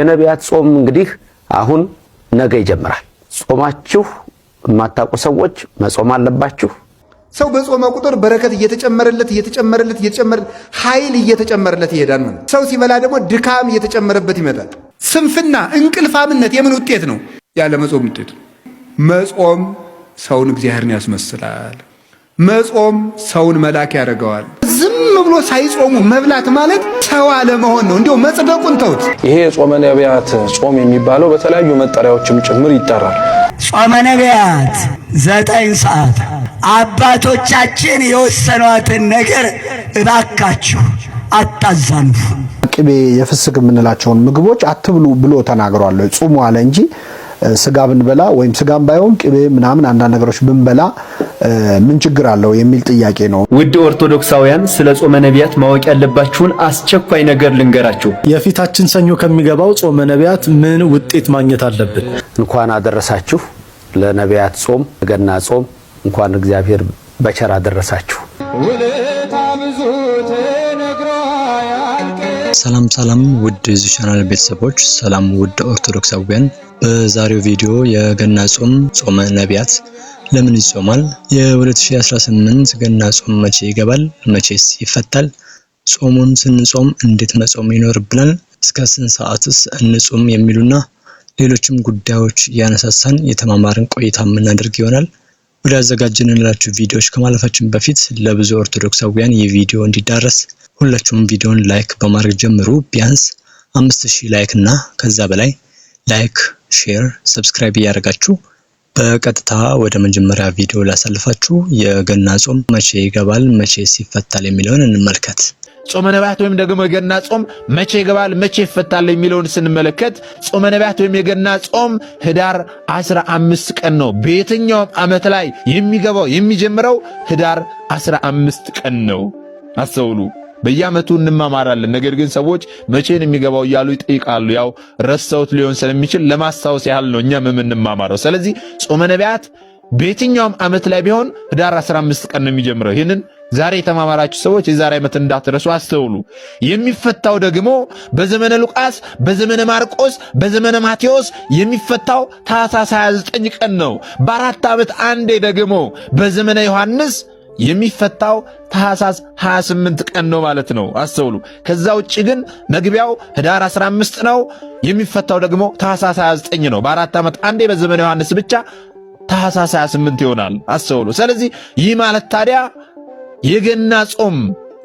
የነቢያት ጾም እንግዲህ አሁን ነገ ይጀምራል። ጾማችሁ የማታውቁ ሰዎች መጾም አለባችሁ። ሰው በጾመ ቁጥር በረከት እየተጨመረለት እየተጨመረለት እየተጨመረ ኃይል እየተጨመረለት ይሄዳል። ነው ሰው ሲበላ ደግሞ ድካም እየተጨመረበት ይመጣል። ስንፍና፣ እንቅልፋምነት የምን ውጤት ነው? ያለ መጾም ውጤት ነው። መጾም ሰውን እግዚአብሔርን ያስመስላል። መጾም ሰውን መላክ ያደርገዋል። ዝም ብሎ ሳይጾሙ መብላት ማለት ሰው አለመሆን ነው። እንዲሁ መጽደቁን ተውት። ይሄ ጾመ ነቢያት ጾም የሚባለው በተለያዩ መጠሪያዎችም ጭምር ይጠራል። ጾመ ነቢያት ዘጠኝ ሰዓት አባቶቻችን የወሰኗትን ነገር እባካችሁ አታዛንፉ። ቅቤ የፍስክ የምንላቸውን ምግቦች አትብሉ ብሎ ተናግሯል። ጹሙ አለ እንጂ ስጋ ብንበላ ወይም ስጋም ባይሆን ቅቤ ምናምን አንዳንድ ነገሮች ብንበላ ምን ችግር አለው የሚል ጥያቄ ነው። ውድ ኦርቶዶክሳውያን ስለ ጾመ ነቢያት ማወቅ ያለባችሁን አስቸኳይ ነገር ልንገራችሁ። የፊታችን ሰኞ ከሚገባው ጾመ ነቢያት ምን ውጤት ማግኘት አለብን? እንኳን አደረሳችሁ ለነቢያት ጾም፣ ገና ጾም እንኳን እግዚአብሔር በቸር አደረሳችሁ። ውለታ ብዙ ሰላም ሰላም ውድ የዚህ ቻናል ቤተሰቦች፣ ሰላም ውድ ኦርቶዶክሳውያን። በዛሬው ቪዲዮ የገና ጾም ጾመ ነቢያት ለምን ይጾማል? የ2018 ገና ጾም መቼ ይገባል? መቼስ ይፈታል? ጾሙን ስንጾም እንዴት መጾም ይኖርብናል? እስከ ስንት ሰዓትስ እንጾም? የሚሉና ሌሎችም ጉዳዮች እያነሳሳን የተማማርን ቆይታ የምናደርግ ይሆናል። ወደ አዘጋጀንላችሁ ቪዲዮዎች ከማለፋችን በፊት ለብዙ ኦርቶዶክሳውያን ይህ ቪዲዮ እንዲዳረስ ሁላችሁም ቪዲዮን ላይክ በማድረግ ጀምሩ። ቢያንስ አምስት ላይክ እና ከዛ በላይ ላይክ፣ ሼር፣ ሰብስክራይብ እያደረጋችሁ በቀጥታ ወደ መጀመሪያ ቪዲዮ ላሳልፋችሁ። የገና ጾም መቼ ይገባል መቼ ሲፈታል የሚለውን እንመልከት። ጾመ ነቢያት ወይም ደግሞ የገና ጾም መቼ ይገባል መቼ ይፈታል የሚለውን ስንመለከት ጾመ ነቢያት ወይም የገና ጾም ህዳር 15 ቀን ነው። በየትኛውም ዓመት ላይ የሚገባው የሚጀምረው ህዳር 15 ቀን ነው። አስተውሉ። በየዓመቱ እንማማራለን። ነገር ግን ሰዎች መቼን የሚገባው እያሉ ይጠይቃሉ። ያው ረሰውት ሊሆን ስለሚችል ለማስታወስ ያህል ነው እኛም የምንማማረው። ስለዚህ ጾመ ነቢያት በየትኛውም ዓመት ላይ ቢሆን ህዳር 15 ቀን ነው የሚጀምረው። ይህንን ዛሬ የተማማራችሁ ሰዎች የዛሬ ዓመት እንዳትረሱ አስተውሉ። የሚፈታው ደግሞ በዘመነ ሉቃስ፣ በዘመነ ማርቆስ፣ በዘመነ ማቴዎስ የሚፈታው ታኅሳስ 29 ቀን ነው። በአራት ዓመት አንዴ ደግሞ በዘመነ ዮሐንስ የሚፈታው ታህሳስ 28 ቀን ነው ማለት ነው። አስተውሉ። ከዛ ውጭ ግን መግቢያው ህዳር 15 ነው፣ የሚፈታው ደግሞ ታህሳስ 29 ነው። በአራት ዓመት አንዴ በዘመነ ዮሐንስ ብቻ ታህሳስ 28 ይሆናል። አስተውሉ። ስለዚህ ይህ ማለት ታዲያ የገና ጾም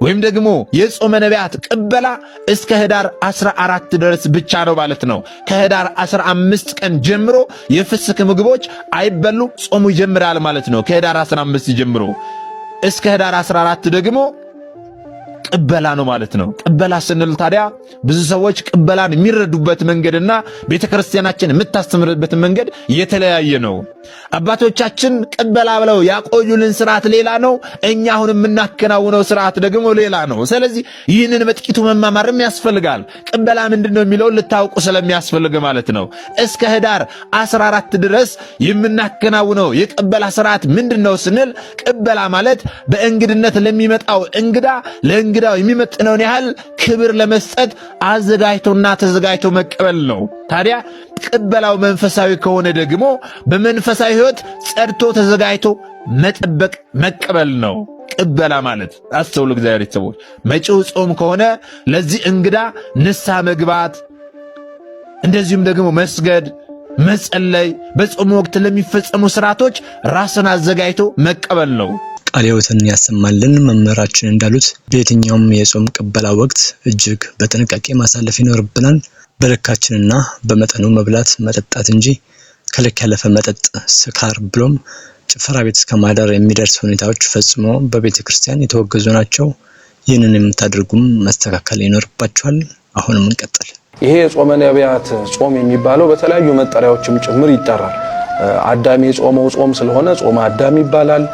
ወይም ደግሞ የጾመ ነቢያት ቅበላ እስከ ህዳር 14 ድረስ ብቻ ነው ማለት ነው። ከህዳር 15 ቀን ጀምሮ የፍስክ ምግቦች አይበሉ፣ ጾሙ ይጀምራል ማለት ነው። ከህዳር 15 ጀምሮ እስከ ህዳር 14 ደግሞ ቅበላ ነው ማለት ነው። ቅበላ ስንል ታዲያ ብዙ ሰዎች ቅበላን የሚረዱበት መንገድና ቤተ ክርስቲያናችን የምታስተምርበት መንገድ የተለያየ ነው። አባቶቻችን ቅበላ ብለው ያቆዩልን ስርዓት ሌላ ነው። እኛ አሁን የምናከናውነው ስርዓት ደግሞ ሌላ ነው። ስለዚህ ይህንን በጥቂቱ መማማርም ያስፈልጋል። ቅበላ ምንድን ነው የሚለውን ልታውቁ ስለሚያስፈልግ ማለት ነው። እስከ ህዳር 14 ድረስ የምናከናውነው የቅበላ ስርዓት ምንድን ነው ስንል ቅበላ ማለት በእንግድነት ለሚመጣው እንግዳ ለእንግዳ ለእንግዳው የሚመጥነውን ያህል ክብር ለመስጠት አዘጋጅቶና ተዘጋጅቶ መቀበል ነው። ታዲያ ቅበላው መንፈሳዊ ከሆነ ደግሞ በመንፈሳዊ ሕይወት ጸድቶ ተዘጋጅቶ መጠበቅ መቀበል ነው። ቅበላ ማለት አስተውሉ። እግዚአብሔር ቤተሰቦች፣ መጪው ጾም ከሆነ ለዚህ እንግዳ ንስሐ መግባት እንደዚሁም ደግሞ መስገድ መጸለይ በጾም ወቅት ለሚፈጸሙ ስርዓቶች ራስን አዘጋጅቶ መቀበል ነው። ቃለ ሕይወትን ያሰማልን። መምህራችን እንዳሉት በየትኛውም የጾም ቅበላ ወቅት እጅግ በጥንቃቄ ማሳለፍ ይኖርብናል። በልካችንና በመጠኑ መብላት መጠጣት እንጂ ከልክ ያለፈ መጠጥ፣ ስካር ብሎም ጭፈራ ቤት እስከ ማደር የሚደርስ ሁኔታዎች ፈጽሞ በቤተ ክርስቲያን የተወገዙ ናቸው። ይህንን የምታደርጉም መስተካከል ይኖርባቸዋል። አሁንም እንቀጥል። ይሄ የጾመ ነቢያት ጾም የሚባለው በተለያዩ መጠሪያዎችም ጭምር ይጠራል። አዳም የጾመው ጾም ስለሆነ ጾመ አዳም ይባላል።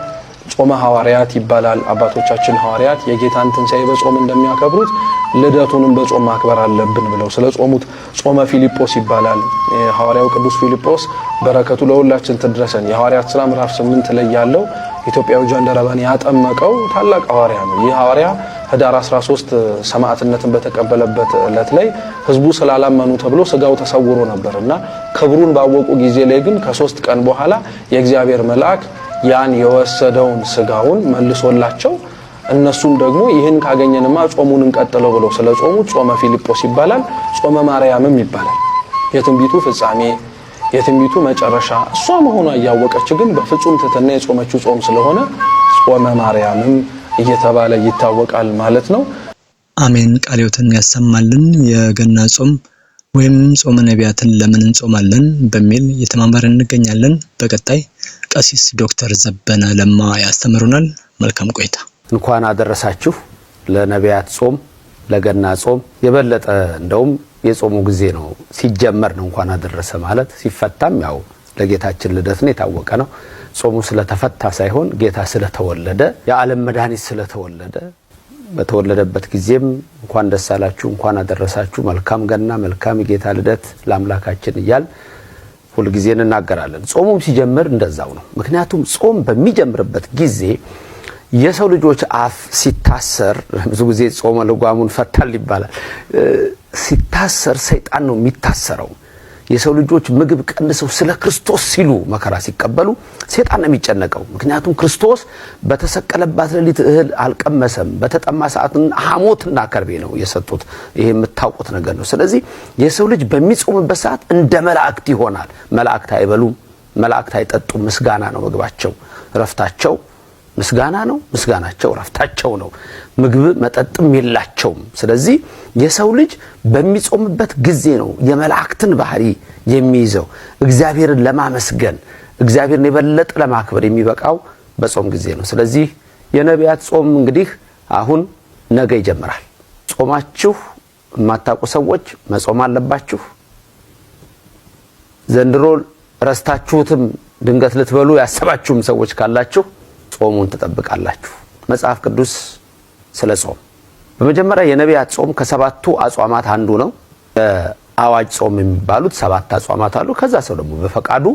ጾመ ሐዋርያት ይባላል። አባቶቻችን ሐዋርያት የጌታን ትንሣኤ በጾም እንደሚያከብሩት ልደቱንም በጾም ማክበር አለብን ብለው ስለ ጾሙት ጾመ ፊልጶስ ይባላል። ሐዋርያው ቅዱስ ፊልጶስ በረከቱ ለሁላችን ትድረሰን። የሐዋርያት ሥራ ምዕራፍ ስምንት ላይ ያለው ኢትዮጵያዊ ጃንደረባን ያጠመቀው ታላቅ ሐዋርያ ነው። ይህ ሐዋርያ ህዳር 13 ሰማዕትነትን በተቀበለበት ዕለት ላይ ህዝቡ ስላላመኑ ተብሎ ስጋው ተሰውሮ ነበር እና ክብሩን ባወቁ ጊዜ ላይ ግን ከሶስት ቀን በኋላ የእግዚአብሔር መልአክ ያን የወሰደውን ስጋውን መልሶላቸው እነሱም ደግሞ ይህን ካገኘንማ ጾሙን እንቀጥለው ብለው ስለ ጾሙ ጾመ ፊልጶስ ይባላል፣ ጾመ ማርያምም ይባላል። የትንቢቱ ፍጻሜ የትንቢቱ መጨረሻ እሷ መሆኗ እያወቀች ግን በፍጹም ትትና የጾመችው ጾም ስለሆነ ጾመ ማርያምም እየተባለ ይታወቃል ማለት ነው። አሜን። ቃልዮትን ያሰማልን። የገና ጾም ወይም ጾመ ነቢያትን ለምን እንጾማለን በሚል እየተማማርን እንገኛለን። በቀጣይ ቀሲስ ዶክተር ዘበነ ለማ ያስተምሩናል። መልካም ቆይታ። እንኳን አደረሳችሁ ለነቢያት ጾም፣ ለገና ጾም። የበለጠ እንደውም የጾሙ ጊዜ ነው ሲጀመር ነው እንኳን አደረሰ ማለት። ሲፈታም ያው ለጌታችን ልደት ነው የታወቀ ነው። ጾሙ ስለተፈታ ሳይሆን ጌታ ስለተወለደ የዓለም መድኃኒት ስለተወለደ በተወለደበት ጊዜም እንኳን ደስ አላችሁ፣ እንኳን አደረሳችሁ፣ መልካም ገና፣ መልካም የጌታ ልደት ለአምላካችን እያል ሁልጊዜ እንናገራለን። ጾሙም ሲጀምር እንደዛው ነው። ምክንያቱም ጾም በሚጀምርበት ጊዜ የሰው ልጆች አፍ ሲታሰር ብዙ ጊዜ ጾመ ልጓሙን ፈታል ይባላል። ሲታሰር ሰይጣን ነው የሚታሰረው። የሰው ልጆች ምግብ ቀንሰው ስለ ክርስቶስ ሲሉ መከራ ሲቀበሉ ሴጣን ነው የሚጨነቀው። ምክንያቱም ክርስቶስ በተሰቀለባት ሌሊት እህል አልቀመሰም። በተጠማ ሰዓት ሐሞትና ከርቤ ነው የሰጡት። ይሄ የምታውቁት ነገር ነው። ስለዚህ የሰው ልጅ በሚጾምበት ሰዓት እንደ መላእክት ይሆናል። መላእክት አይበሉም፣ መላእክት አይጠጡም። ምስጋና ነው ምግባቸው፣ ረፍታቸው ምስጋና ነው። ምስጋናቸው ረፍታቸው ነው። ምግብ መጠጥም የላቸውም። ስለዚህ የሰው ልጅ በሚጾምበት ጊዜ ነው የመላእክትን ባህሪ የሚይዘው። እግዚአብሔርን ለማመስገን እግዚአብሔርን የበለጠ ለማክበር የሚበቃው በጾም ጊዜ ነው። ስለዚህ የነቢያት ጾም እንግዲህ አሁን ነገ ይጀምራል። ጾማችሁ የማታውቁ ሰዎች መጾም አለባችሁ። ዘንድሮ ረስታችሁትም ድንገት ልትበሉ ያሰባችሁም ሰዎች ካላችሁ ጾሙን ትጠብቃላችሁ። መጽሐፍ ቅዱስ ስለ ጾም በመጀመሪያ የነቢያት ጾም ከሰባቱ አጽዋማት አንዱ ነው። አዋጅ ጾም የሚባሉት ሰባት አጽዋማት አሉ። ከዛ ሰው ደግሞ በፈቃዱ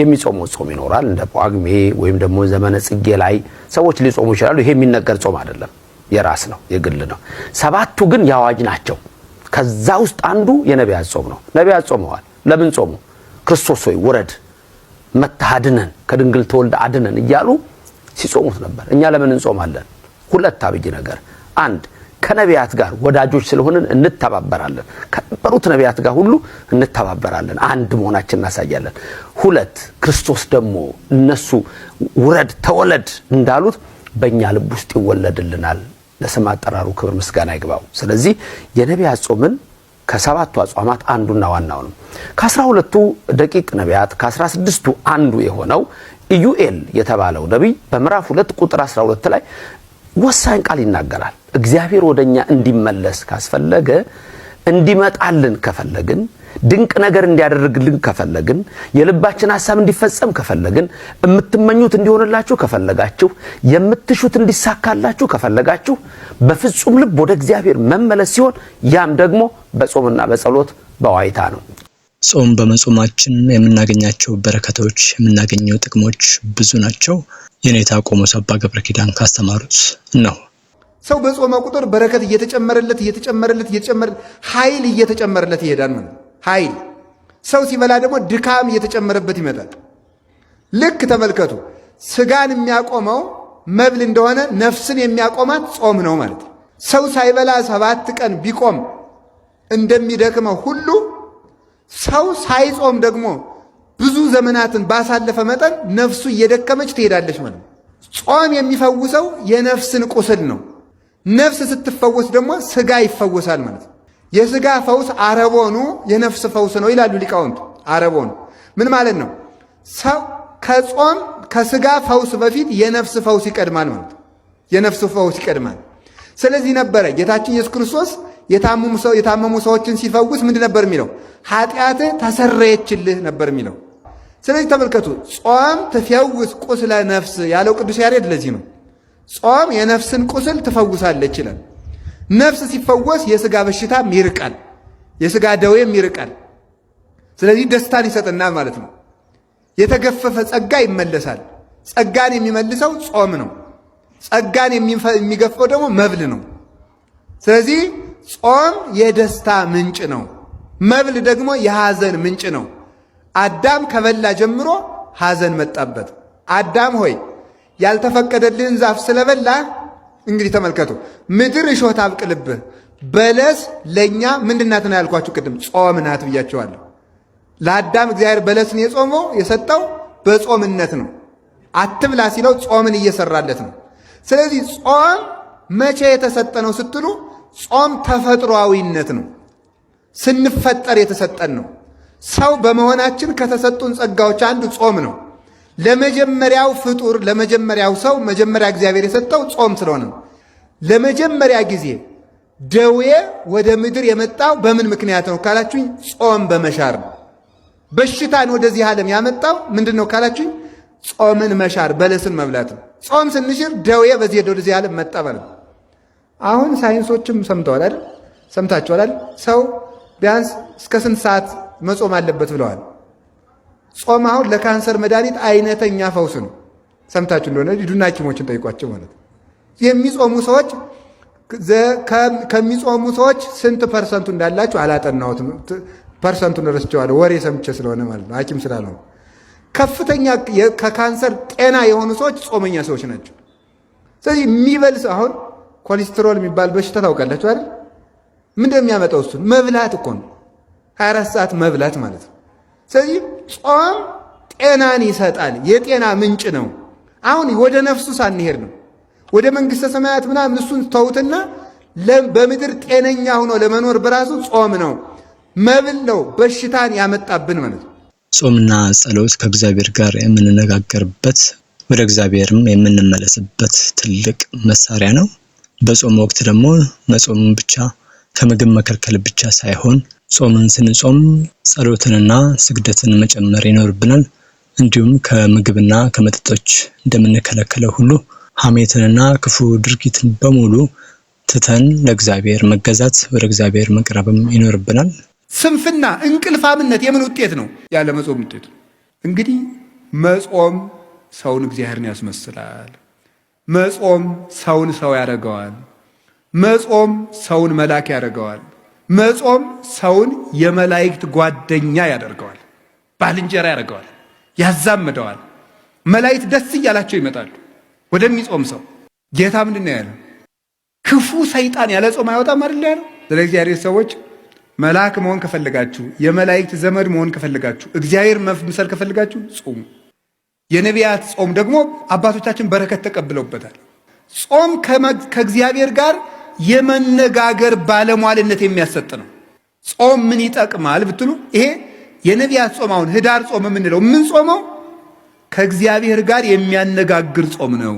የሚጾመው ጾም ይኖራል። እንደ ጳጉሜ ወይም ደግሞ ዘመነ ጽጌ ላይ ሰዎች ሊጾሙ ይችላሉ። ይሄ የሚነገር ጾም አይደለም፣ የራስ ነው፣ የግል ነው። ሰባቱ ግን የአዋጅ ናቸው። ከዛ ውስጥ አንዱ የነቢያት ጾም ነው። ነቢያት ጾመዋል። ለምን ጾሙ? ክርስቶስ ሆይ ውረድ መታሃድነን ከድንግል ተወልደ አድነን እያሉ ሲጾሙት ነበር። እኛ ለምን እንጾማለን? ሁለት አብይ ነገር፣ አንድ ከነቢያት ጋር ወዳጆች ስለሆንን እንተባበራለን። ከነበሩት ነቢያት ጋር ሁሉ እንተባበራለን፣ አንድ መሆናችን እናሳያለን። ሁለት ክርስቶስ ደግሞ እነሱ ውረድ ተወለድ እንዳሉት በእኛ ልብ ውስጥ ይወለድልናል። ለስም አጠራሩ ክብር ምስጋና ይግባው። ስለዚህ የነቢያት ጾምን ከሰባቱ አጽዋማት አንዱና ዋናው ነው። ከአስራ ሁለቱ ደቂቅ ነቢያት ከአስራ ስድስቱ አንዱ የሆነው ኢዩኤል የተባለው ነቢይ በምዕራፍ ሁለት ቁጥር 12 ላይ ወሳኝ ቃል ይናገራል። እግዚአብሔር ወደኛ እንዲመለስ ካስፈለገ እንዲመጣልን ከፈለግን ድንቅ ነገር እንዲያደርግልን ከፈለግን የልባችን ሀሳብ እንዲፈጸም ከፈለግን የምትመኙት እንዲሆንላችሁ ከፈለጋችሁ የምትሹት እንዲሳካላችሁ ከፈለጋችሁ በፍጹም ልብ ወደ እግዚአብሔር መመለስ ሲሆን ያም ደግሞ በጾምና በጸሎት በዋይታ ነው። ጾም በመጾማችን የምናገኛቸው በረከቶች የምናገኘው ጥቅሞች ብዙ ናቸው። የኔታ ቆሞስ አባ ገብረ ኪዳን ካስተማሩት ነው። ሰው በጾመ ቁጥር በረከት እየተጨመረለት እየተጨመረለት እየተጨመረ ኃይል እየተጨመረለት ይሄዳል ነው ኃይል። ሰው ሲበላ ደግሞ ድካም እየተጨመረበት ይመጣል። ልክ ተመልከቱ፣ ስጋን የሚያቆመው መብል እንደሆነ ነፍስን የሚያቆማት ጾም ነው ማለት። ሰው ሳይበላ ሰባት ቀን ቢቆም እንደሚደክመው ሁሉ ሰው ሳይጾም ደግሞ ብዙ ዘመናትን ባሳለፈ መጠን ነፍሱ እየደከመች ትሄዳለች ማለት ነው። ጾም የሚፈውሰው የነፍስን ቁስል ነው። ነፍስ ስትፈወስ ደግሞ ስጋ ይፈወሳል ማለት ነው። የስጋ ፈውስ አረቦኑ የነፍስ ፈውስ ነው ይላሉ ሊቃውንቱ። አረቦኑ ምን ማለት ነው? ሰው ከጾም ከስጋ ፈውስ በፊት የነፍስ ፈውስ ይቀድማል ማለት ነው። የነፍስ ፈውስ ይቀድማል። ስለዚህ ነበረ ጌታችን ኢየሱስ ክርስቶስ የታመሙ ሰዎችን ሲፈውስ ምንድን ነበር የሚለው? ኃጢአት ተሰረየችልህ ነበር የሚለው። ስለዚህ ተመልከቱ፣ ጾም ትፈውስ ቁስለ ነፍስ ያለው ቅዱስ ያሬድ ለዚህ ነው። ጾም የነፍስን ቁስል ትፈውሳለች ይላል። ነፍስ ሲፈወስ የስጋ በሽታም ይርቃል፣ የስጋ ደዌም ይርቃል። ስለዚህ ደስታን ይሰጥናል ማለት ነው። የተገፈፈ ጸጋ ይመለሳል። ጸጋን የሚመልሰው ጾም ነው። ጸጋን የሚገፈው ደግሞ መብል ነው። ስለዚህ ጾም የደስታ ምንጭ ነው። መብል ደግሞ የሐዘን ምንጭ ነው። አዳም ከበላ ጀምሮ ሐዘን መጣበት። አዳም ሆይ ያልተፈቀደልህን ዛፍ ስለበላ እንግዲህ ተመልከቱ፣ ምድር እሾት አብቅልብህ። በለስ ለእኛ ምንድናት ነው ያልኳችሁ ቅድም? ጾም ናት ብያቸዋለሁ። ለአዳም እግዚአብሔር በለስን የጾመው የሰጠው በጾምነት ነው። አትብላ ሲለው ጾምን እየሰራለት ነው። ስለዚህ ጾም መቼ የተሰጠ ነው ስትሉ ጾም ተፈጥሯዊነት ነው። ስንፈጠር የተሰጠን ነው። ሰው በመሆናችን ከተሰጡን ጸጋዎች አንዱ ጾም ነው። ለመጀመሪያው ፍጡር ለመጀመሪያው ሰው መጀመሪያ እግዚአብሔር የሰጠው ጾም ስለሆነ ነው። ለመጀመሪያ ጊዜ ደዌ ወደ ምድር የመጣው በምን ምክንያት ነው ካላችሁኝ፣ ጾም በመሻር ነው። በሽታን ወደዚህ ዓለም ያመጣው ምንድን ነው ካላችሁኝ፣ ጾምን መሻር፣ በለስን መብላት ነው። ጾም ስንሽር ደዌ በዚህ ወደዚህ ዓለም መጣ ማለት ነው። አሁን ሳይንሶችም ሰምተዋል አይደል? ሰምታችኋል ሰው ቢያንስ እስከ ስንት ሰዓት መጾም አለበት ብለዋል። ጾም አሁን ለካንሰር መድኃኒት አይነተኛ ፈውስ ነው። ሰምታችሁ እንደሆነ ሂዱና ሐኪሞችን ጠይቋቸው ማለት የሚጾሙ ሰዎች ከሚጾሙ ሰዎች ስንት ፐርሰንቱ እንዳላችሁ አላጠናሁትም። ፐርሰንቱን ረስቼዋለሁ፣ ወሬ ሰምቼ ስለሆነ ማለት ነው፣ ሐኪም ስላልሆነ። ከፍተኛ ከካንሰር ጤና የሆኑ ሰዎች ጾመኛ ሰዎች ናቸው። ስለዚህ የሚበልስ አሁን ኮሌስትሮል የሚባል በሽታ ታውቃላችሁ አይደል? ምን እንደሚያመጣው እሱን መብላት እኮ ነው። 24 ሰዓት መብላት ማለት ነው። ስለዚህ ጾም ጤናን ይሰጣል፣ የጤና ምንጭ ነው። አሁን ወደ ነፍሱ ሳንሄድ ነው ወደ መንግሥተ ሰማያት ምናምን እሱን ተውትና በምድር ጤነኛ ሆኖ ለመኖር በራሱ ጾም ነው መብል ነው በሽታን ያመጣብን ማለት ነው። ጾምና ጸሎት ከእግዚአብሔር ጋር የምንነጋገርበት ወደ እግዚአብሔርም የምንመለስበት ትልቅ መሳሪያ ነው። በጾም ወቅት ደግሞ መጾም ብቻ ከምግብ መከልከል ብቻ ሳይሆን ጾምን ስንጾም ጸሎትንና ስግደትን መጨመር ይኖርብናል። እንዲሁም ከምግብና ከመጠጦች እንደምንከለከለው ሁሉ ሐሜትንና ክፉ ድርጊትን በሙሉ ትተን ለእግዚአብሔር መገዛት፣ ወደ እግዚአብሔር መቅረብም ይኖርብናል። ስንፍና፣ እንቅልፋምነት የምን ውጤት ነው? ያለ መጾም ውጤት እንግዲህ መጾም ሰውን እግዚአብሔርን ያስመስላል። መጾም ሰውን ሰው ያደርገዋል። መጾም ሰውን መልአክ ያደርገዋል። መጾም ሰውን የመላእክት ጓደኛ ያደርገዋል፣ ባልንጀራ ያደርገዋል፣ ያዛምደዋል። መላእክት ደስ እያላቸው ይመጣሉ ወደሚጾም ሰው። ጌታ ምንድን ነው ያለው? ክፉ ሰይጣን ያለ ጾም አይወጣም አይደል ያለው። ስለ እግዚአብሔር ሰዎች መልአክ መሆን ከፈልጋችሁ፣ የመላእክት ዘመድ መሆን ከፈልጋችሁ፣ እግዚአብሔር መምሰል ከፈልጋችሁ ጾሙ። የነቢያት ጾም ደግሞ አባቶቻችን በረከት ተቀብለውበታል። ጾም ከእግዚአብሔር ጋር የመነጋገር ባለሟልነት የሚያሰጥ ነው። ጾም ምን ይጠቅማል ብትሉ ይሄ የነቢያት ጾም አሁን ህዳር ጾም የምንለው ምን ጾመው ከእግዚአብሔር ጋር የሚያነጋግር ጾም ነው።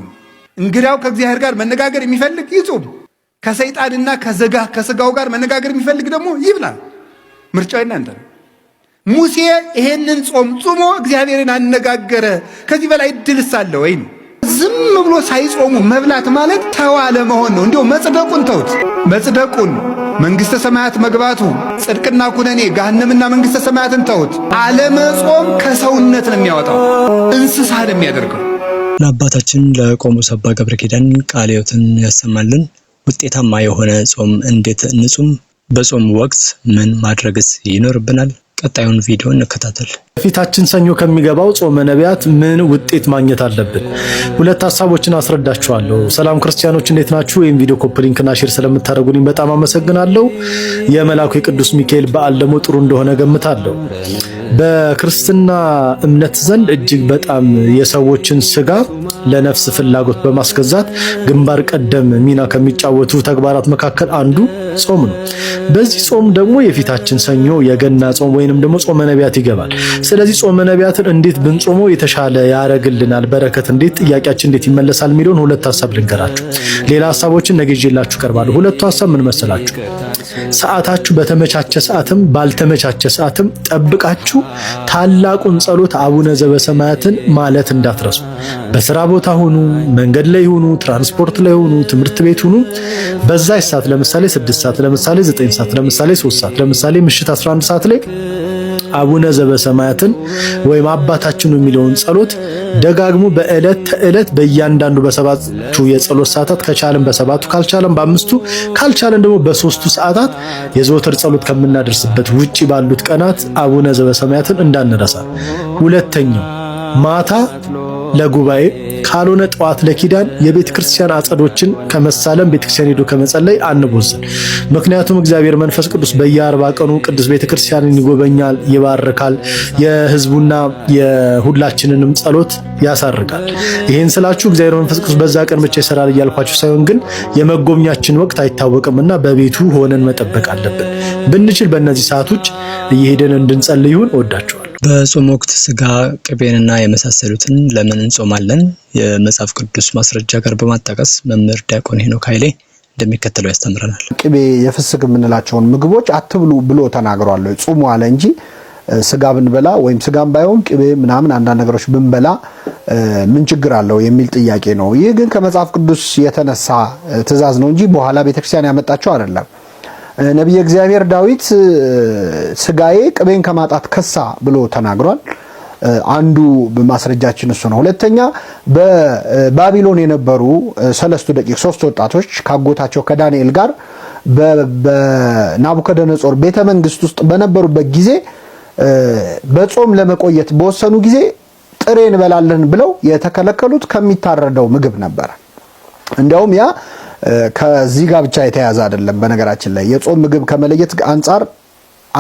እንግዳው ከእግዚአብሔር ጋር መነጋገር የሚፈልግ ይጹም። ከሰይጣንና ከስጋው ጋር መነጋገር የሚፈልግ ደግሞ ይብላል። ምርጫው እናንተ ነው። ሙሴ ይሄንን ጾም ጾሞ እግዚአብሔርን አነጋገረ። ከዚህ በላይ እድልስ አለ ወይ? ዝም ብሎ ሳይጾሙ መብላት ማለት ተዋለ መሆን ነው። እንዲሁ መጽደቁን ተውት፣ መጽደቁን መንግሥተ ሰማያት መግባቱ ጽድቅና ኩነኔ ገሃነምና መንግሥተ ሰማያትን ተውት። አለመጾም ከሰውነት ነው የሚያወጣው፣ እንስሳ ነው የሚያደርገው። ለአባታችን ለቆሞስ አባ ገብረ ኪዳን ቃለ ሕይወትን ያሰማልን። ውጤታማ የሆነ ጾም እንዴት እንጹም? በጾም ወቅት ምን ማድረግስ ይኖርብናል? ቀጣዩን ቪዲዮ እንከታተል። ፊታችን ሰኞ ከሚገባው ጾመ ነቢያት ምን ውጤት ማግኘት አለብን? ሁለት ሀሳቦችን አስረዳችኋለሁ። ሰላም ክርስቲያኖች እንዴት ናችሁ? ወይም ቪዲዮ ኮፕሊንክና ሼር ስለምታደርጉልኝ በጣም አመሰግናለሁ። የመላኩ የቅዱስ ሚካኤል በዓል ደግሞ ጥሩ እንደሆነ ገምታለሁ። በክርስትና እምነት ዘንድ እጅግ በጣም የሰዎችን ስጋ ለነፍስ ፍላጎት በማስገዛት ግንባር ቀደም ሚና ከሚጫወቱ ተግባራት መካከል አንዱ ጾም ነው። በዚህ ጾም ደግሞ የፊታችን ሰኞ የገና ጾም ወይ ወይንም ደግሞ ጾመ ነቢያት ይገባል። ስለዚህ ጾመ ነቢያትን እንዴት ብንጾመው የተሻለ ያረግልናል፣ በረከት እንዴት ጥያቄያችን እንዴት ይመለሳል የሚለውን ሁለት ሀሳብ ልንገራችሁ። ሌላ ሀሳቦችን ነገ ይዤላችሁ ቀርባለሁ። ሁለቱ ሀሳብ ምን መሰላችሁ? ሰዓታችሁ በተመቻቸ ሰዓትም ባልተመቻቸ ሰዓትም ጠብቃችሁ ታላቁን ጸሎት አቡነ ዘበሰማያትን ማለት እንዳትረሱ። በስራ ቦታ ሁኑ፣ መንገድ ላይ ሁኑ፣ ትራንስፖርት ላይ ሁኑ፣ ትምህርት ቤት ሁኑ። በዛ ሰዓት ለምሳሌ 6 ሰዓት፣ ለምሳሌ 9 ሰዓት፣ ለምሳሌ 3 ሰዓት፣ ለምሳሌ ምሽት 11 ሰዓት ላይ አቡነ ዘበሰማያትን ወይም አባታችን የሚለውን ጸሎት ደጋግሞ በእለት ተእለት በእያንዳንዱ በሰባቱ የጸሎት ሰዓታት ከቻለን በሰባቱ ካልቻለን በአምስቱ ካልቻለን ደግሞ በሶስቱ ሰዓታት የዘወትር ጸሎት ከምናደርስበት ውጪ ባሉት ቀናት አቡነ ዘበሰማያትን እንዳንረሳ። ሁለተኛው ማታ ለጉባኤ ካልሆነ ጠዋት ለኪዳን የቤተ ክርስቲያን አጸዶችን ከመሳለም ቤተ ክርስቲያን ሄዶ ከመጸለይ አንቦዝን። ምክንያቱም እግዚአብሔር መንፈስ ቅዱስ በየአርባ ቀኑ ቅዱስ ቤተ ክርስቲያንን ይጎበኛል፣ ይባርካል፣ የህዝቡና የሁላችንንም ጸሎት ያሳርጋል። ይህን ስላችሁ እግዚአብሔር መንፈስ ቅዱስ በዛ ቀን ብቻ ይሰራል እያልኳችሁ ሳይሆን ግን የመጎብኛችን ወቅት አይታወቅምና በቤቱ ሆነን መጠበቅ አለብን። ብንችል በእነዚህ ሰዓቶች እየሄደን እንድንጸልይ ይሁን። እወዳችኋለሁ። በጾም ወቅት ስጋ ቅቤንና የመሳሰሉትን ለምን እንጾማለን? የመጽሐፍ ቅዱስ ማስረጃ ጋር በማጣቀስ መምህር ዲያቆን ሄኖክ ኃይሌ እንደሚከተለው ያስተምረናል። ቅቤ የፍስክ የምንላቸውን ምግቦች አትብሉ ብሎ ተናግሯል። ጾሙ አለ እንጂ ስጋ ብንበላ ወይም ስጋም ባይሆን ቅቤ ምናምን አንዳንድ ነገሮች ብንበላ ምን ችግር አለው የሚል ጥያቄ ነው። ይህ ግን ከመጽሐፍ ቅዱስ የተነሳ ትእዛዝ ነው እንጂ በኋላ ቤተክርስቲያን ያመጣቸው አይደለም። ነቢየ እግዚአብሔር ዳዊት ስጋዬ ቅቤን ከማጣት ከሳ ብሎ ተናግሯል። አንዱ ማስረጃችን እሱ ነው። ሁለተኛ በባቢሎን የነበሩ ሰለስቱ ደቂቅ ሶስት ወጣቶች ካጎታቸው ከዳንኤል ጋር በናቡከደነጾር ቤተ መንግስት ውስጥ በነበሩበት ጊዜ በጾም ለመቆየት በወሰኑ ጊዜ ጥሬ እንበላለን ብለው የተከለከሉት ከሚታረደው ምግብ ነበረ። እንዲያውም ያ ከዚህ ጋር ብቻ የተያያዘ አይደለም። በነገራችን ላይ የጾም ምግብ ከመለየት አንጻር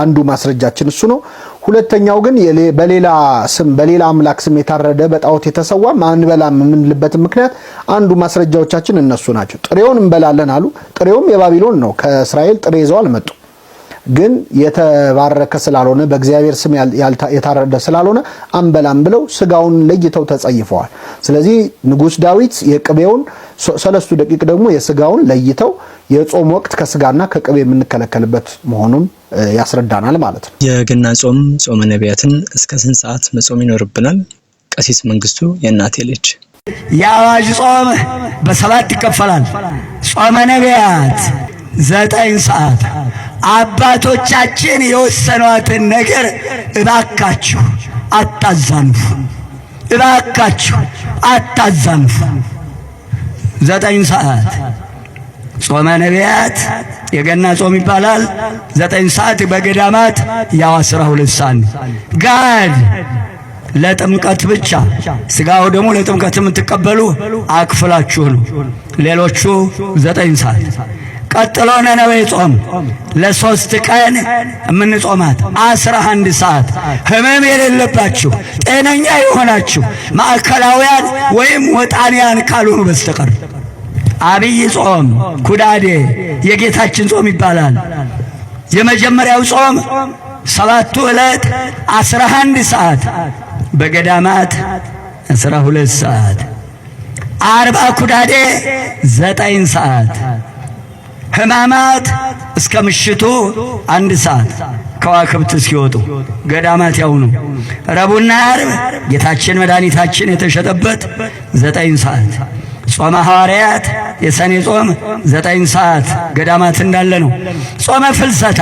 አንዱ ማስረጃችን እሱ ነው። ሁለተኛው ግን በሌላ ስም በሌላ አምላክ ስም የታረደ በጣዖት የተሰዋ አንበላም የምንልበትን ምክንያት አንዱ ማስረጃዎቻችን እነሱ ናቸው። ጥሬውን እንበላለን አሉ። ጥሬውም የባቢሎን ነው። ከእስራኤል ጥሬ ይዘው አልመጡም። ግን የተባረከ ስላልሆነ በእግዚአብሔር ስም የታረደ ስላልሆነ አንበላም ብለው ስጋውን ለይተው ተጸይፈዋል። ስለዚህ ንጉሥ ዳዊት የቅቤውን ሰለስቱ ደቂቅ ደግሞ የስጋውን ለይተው የጾም ወቅት ከስጋና ከቅቤ የምንከለከልበት መሆኑን ያስረዳናል ማለት ነው። የገና ጾም ጾመ ነቢያትን እስከ ስንት ሰዓት መጾም ይኖርብናል? ቀሲስ መንግስቱ የእናቴ ልጅ የአዋጅ ጾም በሰባት ይከፈላል። ጾመ ነቢያት ዘጠኝ ሰዓት አባቶቻችን የወሰኗትን ነገር እባካችሁ አታዛንፉ፣ እባካችሁ አታዛንፉ። ዘጠኝ ሰዓት ጾመ ነቢያት የገና ጾም ይባላል። ዘጠኝ ሰዓት በገዳማት ያው አስራ ሁለት ሰዓት ጋድ ለጥምቀት ብቻ ስጋው ደግሞ ለጥምቀት የምትቀበሉ አክፍላችሁ ነው። ሌሎቹ ዘጠኝ ሰዓት ቀጥሎ ነነዌ ጾም ለሶስት ቀን የምንጾማት አስራ አንድ ሰዓት ህመም የሌለባችሁ ጤነኛ የሆናችሁ ማዕከላውያን ወይም ወጣንያን ካልሆኑ በስተቀር አብይ ጾም ኩዳዴ የጌታችን ጾም ይባላል። የመጀመሪያው ጾም ሰባቱ ዕለት አስራ አንድ ሰዓት በገዳማት አስራ ሁለት ሰዓት አርባ ኩዳዴ ዘጠኝ ሰዓት ከማማት እስከ ምሽቱ አንድ ሰዓት ከዋክብት እስኪወጡ ገዳማት ያው ነው። ረቡዕና ጌታችን መድኃኒታችን የተሸጠበት ዘጠኝ ሰዓት ጾመ ሐዋርያት የሰኔ ጾም ዘጠኝ ሰዓት ገዳማት እንዳለ ነው። ጾመ ፍልሰታ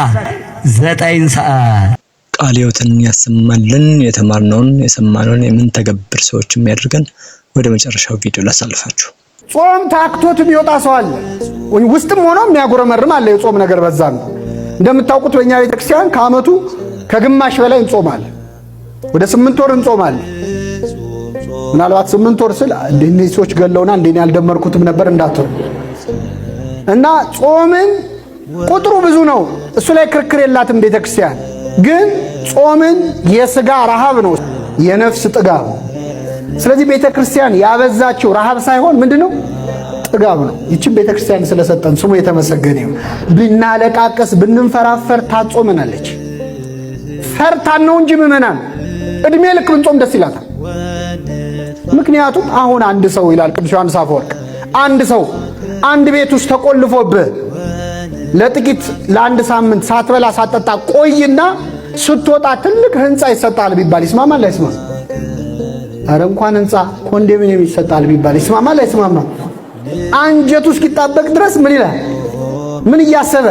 ዘጠኝ ሰዓት ቃለ ሕይወትን ያሰማልን። የተማርነውን የሰማነውን የምንተገብር ሰዎች የሚያደርገን። ወደ መጨረሻው ቪዲዮ ላሳልፋችሁ። ጾም ታክቶት የሚወጣ ሰው አለ፣ ውስጥም ሆኖ የሚያጉረመርም አለ። የጾም ነገር በዛ ነው። እንደምታውቁት በእኛ ቤተክርስቲያን ከአመቱ ከግማሽ በላይ እንጾማለን። ወደ ስምንት ወር እንጾማለን። ምናልባት ስምንት ወር ስል እንደዚህ ሰዎች ገለውና እንደኔ ያልደመርኩትም ነበር እንዳትሩ እና ጾምን ቁጥሩ ብዙ ነው። እሱ ላይ ክርክር የላትም ቤተክርስቲያን። ግን ጾምን የስጋ ረሃብ ነው፣ የነፍስ ጥጋብ ስለዚህ ቤተ ክርስቲያን ያበዛችው ረሃብ ሳይሆን ምንድን ነው? ጥጋብ ነው። ይችን ቤተ ክርስቲያን ስለሰጠን ስሙ የተመሰገነ ይሁን። ብናለቃቀስ ብንንፈራፈር ታጾመናለች። ፈርታን ነው እንጂ ምእመናን እድሜ ልክ ብንጾም ደስ ይላታል። ምክንያቱም አሁን አንድ ሰው ይላል ቅዱስ ዮሐንስ አፈወርቅ፣ አንድ ሰው አንድ ቤት ውስጥ ተቆልፎብህ ለጥቂት ለአንድ ሳምንት ሳትበላ ሳትጠጣ ቆይና ስትወጣ ትልቅ ህንፃ ይሰጣል ቢባል ይስማማል አይስማማም? አረ እንኳን ህንፃ ኮንዶሚኒየም ይሰጣል ቢባል ይስማማል አይስማማ? አንጀቱ እስኪጣበቅ ድረስ ምን ይላል? ምን እያሰበ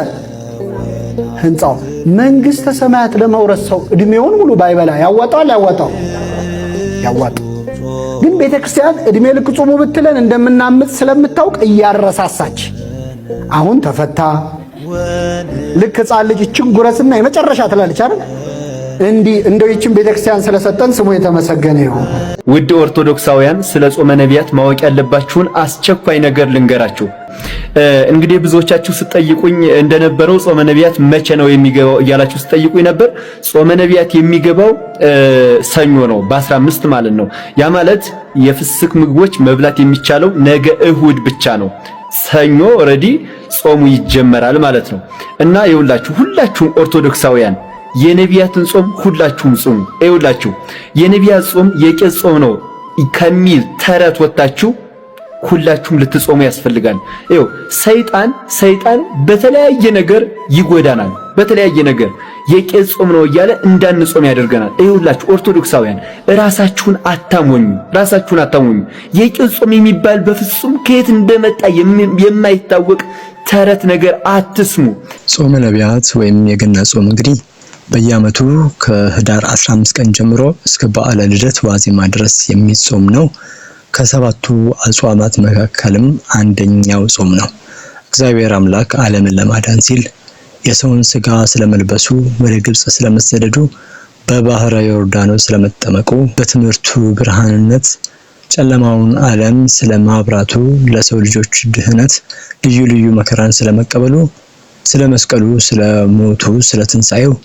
ህንፃው መንግስተ ሰማያት ለመውረስ ሰው እድሜውን ሙሉ ባይበላ ያዋጣዋል። ያዋጣው ያዋጣ ግን ቤተ ክርስቲያን እድሜ ልክ ጹሙ ብትለን እንደምናምፅ ስለምታውቅ እያረሳሳች አሁን ተፈታ ልክ ህፃን ልጅ እችን ጉረስና የመጨረሻ ትላለች አይደል እንዲህ እንደው ይችን ቤተክርስቲያን ስለሰጠን ስሙ የተመሰገነ ይሁን። ውድ ኦርቶዶክሳውያን ስለ ጾመ ነቢያት ማወቅ ያለባችሁን አስቸኳይ ነገር ልንገራችሁ። እንግዲህ ብዙዎቻችሁ ስጠይቁኝ እንደነበረው ጾመ ነቢያት መቼ ነው የሚገባው እያላችሁ ስጠይቁኝ ነበር። ጾመ ነቢያት የሚገባው ሰኞ ነው በ15 ማለት ነው። ያ ማለት የፍስክ ምግቦች መብላት የሚቻለው ነገ እሁድ ብቻ ነው። ሰኞ ኦልሬዲ ጾሙ ይጀመራል ማለት ነው እና የሁላችሁ ሁላችሁም ኦርቶዶክሳውያን የነቢያትን ጾም ሁላችሁም ጾሙ። ይኸውላችሁ የነቢያት ጾም የቄስ ጾም ነው ከሚል ተረት ወጣችሁ ሁላችሁም ልትጾሙ ያስፈልጋል። ይኸው ሰይጣን ሰይጣን በተለያየ ነገር ይጎዳናል። በተለያየ ነገር የቄስ ጾም ነው እያለ እንዳንጾም ያደርገናል። ይኸውላችሁ ኦርቶዶክሳውያን ራሳችሁን አታሞኙ፣ ራሳችሁን አታሞኙ። የቄስ ጾም የሚባል በፍጹም ከየት እንደመጣ የማይታወቅ ተረት ነገር አትስሙ። ጾመ ነቢያት ወይም የገና ጾም እንግዲህ በየዓመቱ ከህዳር 15 ቀን ጀምሮ እስከ በዓለ ልደት ዋዜማ ድረስ የሚጾም ነው። ከሰባቱ አጽዋማት መካከልም አንደኛው ጾም ነው። እግዚአብሔር አምላክ ዓለምን ለማዳን ሲል የሰውን ስጋ ስለመልበሱ፣ ወደ ግብፅ ስለመሰደዱ፣ በባህረ ዮርዳኖስ ስለመጠመቁ፣ በትምህርቱ ብርሃንነት ጨለማውን ዓለም ስለ ማብራቱ፣ ለሰው ልጆች ድህነት ልዩ ልዩ መከራን ስለመቀበሉ፣ ስለ መስቀሉ፣ ስለ ሞቱ፣ ስለ ትንሣኤው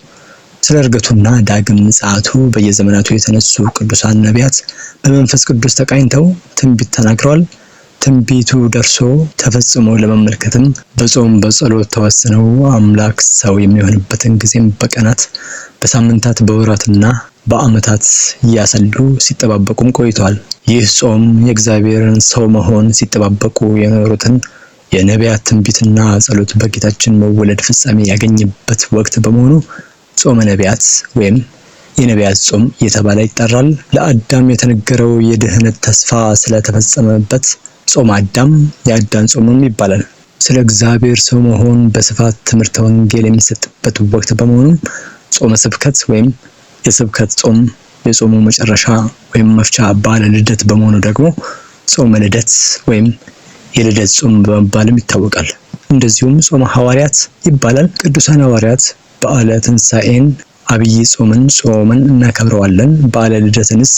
ስለ እርገቱና ዳግም ምጽአቱ በየዘመናቱ የተነሱ ቅዱሳን ነቢያት በመንፈስ ቅዱስ ተቃኝተው ትንቢት ተናግረዋል። ትንቢቱ ደርሶ ተፈጽሞ ለመመልከትም በጾም በጸሎት ተወስነው አምላክ ሰው የሚሆንበትን ጊዜም በቀናት በሳምንታት በወራትና በዓመታት እያሰሉ ሲጠባበቁም ቆይተዋል። ይህ ጾም የእግዚአብሔርን ሰው መሆን ሲጠባበቁ የኖሩትን የነቢያት ትንቢትና ጸሎት በጌታችን መወለድ ፍጻሜ ያገኘበት ወቅት በመሆኑ ጾመ ነቢያት ወይም የነቢያት ጾም እየተባለ ይጠራል። ለአዳም የተነገረው የድህነት ተስፋ ስለተፈጸመበት ጾመ አዳም የአዳም ጾምም ይባላል። ስለ እግዚአብሔር ሰው መሆን በስፋት ትምህርተ ወንጌል የሚሰጥበት ወቅት በመሆኑ ጾመ ስብከት ወይም የስብከት ጾም የጾሙ መጨረሻ ወይም መፍቻ በዓለ ልደት በመሆኑ ደግሞ ጾመ ልደት ወይም የልደት ጾም በመባልም ይታወቃል። እንደዚሁም ጾመ ሐዋርያት ይባላል። ቅዱሳን ሐዋርያት በዓለ ትንሣኤን አብይ ጾምን ጾምን እናከብረዋለን፣ በዓለ ልደትንስ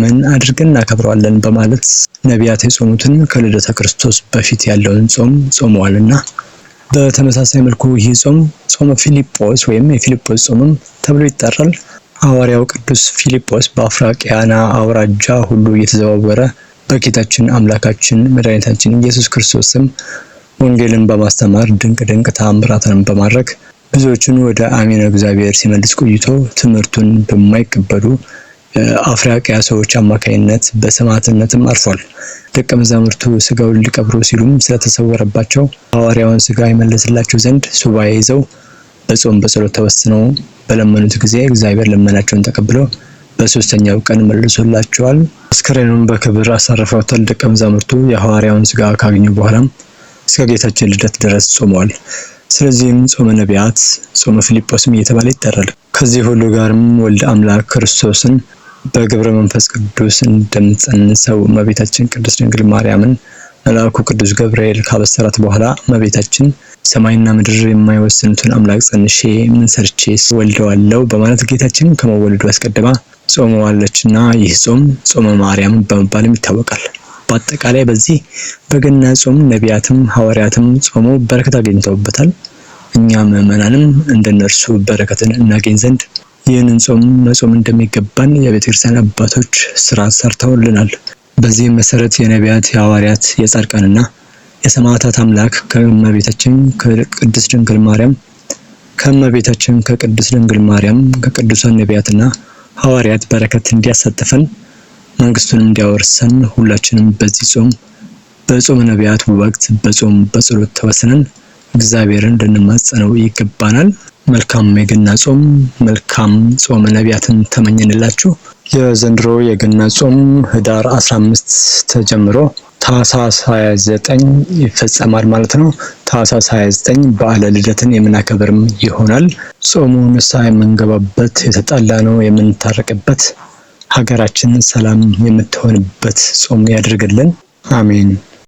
ምን አድርገን እናከብረዋለን በማለት ነቢያት የጾሙትን ከልደተ ክርስቶስ በፊት ያለውን ጾም ጾመዋልና። በተመሳሳይ መልኩ ይህ ጾም ጾመ ፊልጶስ ወይም የፊልጶስ ጾምም ተብሎ ይጠራል። ሐዋርያው ቅዱስ ፊልጶስ በአፍራቅያና አውራጃ ሁሉ እየተዘዋወረ በጌታችን አምላካችን መድኃኒታችን ኢየሱስ ክርስቶስ ስም ወንጌልን በማስተማር ድንቅ ድንቅ ተአምራትን በማድረግ ብዙዎችን ወደ አሚነ እግዚአብሔር ሲመልስ ቆይቶ ትምህርቱን በማይቀበሉ አፍራቂያ ሰዎች አማካይነት በሰማዕትነትም አርፏል። ደቀ መዛሙርቱ ስጋውን ሊቀብሩ ሲሉም ስለተሰወረባቸው ሐዋርያውን ስጋ ይመለስላቸው ዘንድ ሱባኤ ይዘው በጾም በጸሎት ተወስነው በለመኑት ጊዜ እግዚአብሔር ልመናቸውን ተቀብሎ በሶስተኛው ቀን መልሶላቸዋል። አስከሬኑን በክብር አሳርፈውታል። ደቀ መዛሙርቱ የሐዋርያውን ስጋ ካገኙ በኋላም እስከ ጌታችን ልደት ድረስ ጾመዋል። ስለዚህም ጾመ ነቢያት ጾመ ፊልጶስም እየተባለ ይጠራል። ከዚህ ሁሉ ጋርም ወልድ አምላክ ክርስቶስን በግብረ መንፈስ ቅዱስ እንደምትጸንሰው እመቤታችን ቅድስት ድንግል ማርያምን መልአኩ ቅዱስ ገብርኤል ካበሰራት በኋላ እመቤታችን ሰማይና ምድር የማይወስኑትን አምላክ ጸንሼ ምን ሰርቼስ ወልደዋለው በማለት ጌታችን ከመወለዱ አስቀድማ ጾመዋለችና ይህ ጾም ጾመ ማርያም በመባልም ይታወቃል። በአጠቃላይ በዚህ በገና ጾም ነቢያትም ሐዋርያትም ጾሙ በረከት አግኝተውበታል። እኛ ምዕመናንም እንደነርሱ በረከትን እናገኝ ዘንድ ይህንን ጾም መጾም እንደሚገባን የቤተክርስቲያን አባቶች ስራ ሰርተውልናል። በዚህም መሰረት የነቢያት፣ የሐዋርያት፣ የጻድቃንና የሰማዕታት አምላክ ከእመቤታችን ከቅድስት ድንግል ማርያም ከእመቤታችን ከቅድስት ድንግል ማርያም ከቅዱሳን ነቢያትና ሐዋርያት በረከት እንዲያሳትፈን መንግስቱን እንዲያወርሰን ሁላችንም በዚህ ጾም በጾም ነቢያት ወቅት በጾም በጸሎት ተወስነን እግዚአብሔርን ልንማጸነው ይገባናል። መልካም የገና ጾም፣ መልካም ጾመ ነቢያትን ተመኘንላችሁ። የዘንድሮ የገና ጾም ህዳር 15 ተጀምሮ ታህሳስ 29 ይፈጸማል ማለት ነው። ታህሳስ 29 በዓለ ልደትን የምናከብርም ይሆናል። ጾሙ ንስሐ የምንገባበት፣ የተጣላ ነው የምንታረቅበት፣ ሀገራችን ሰላም የምትሆንበት ጾም ያደርግልን። አሜን።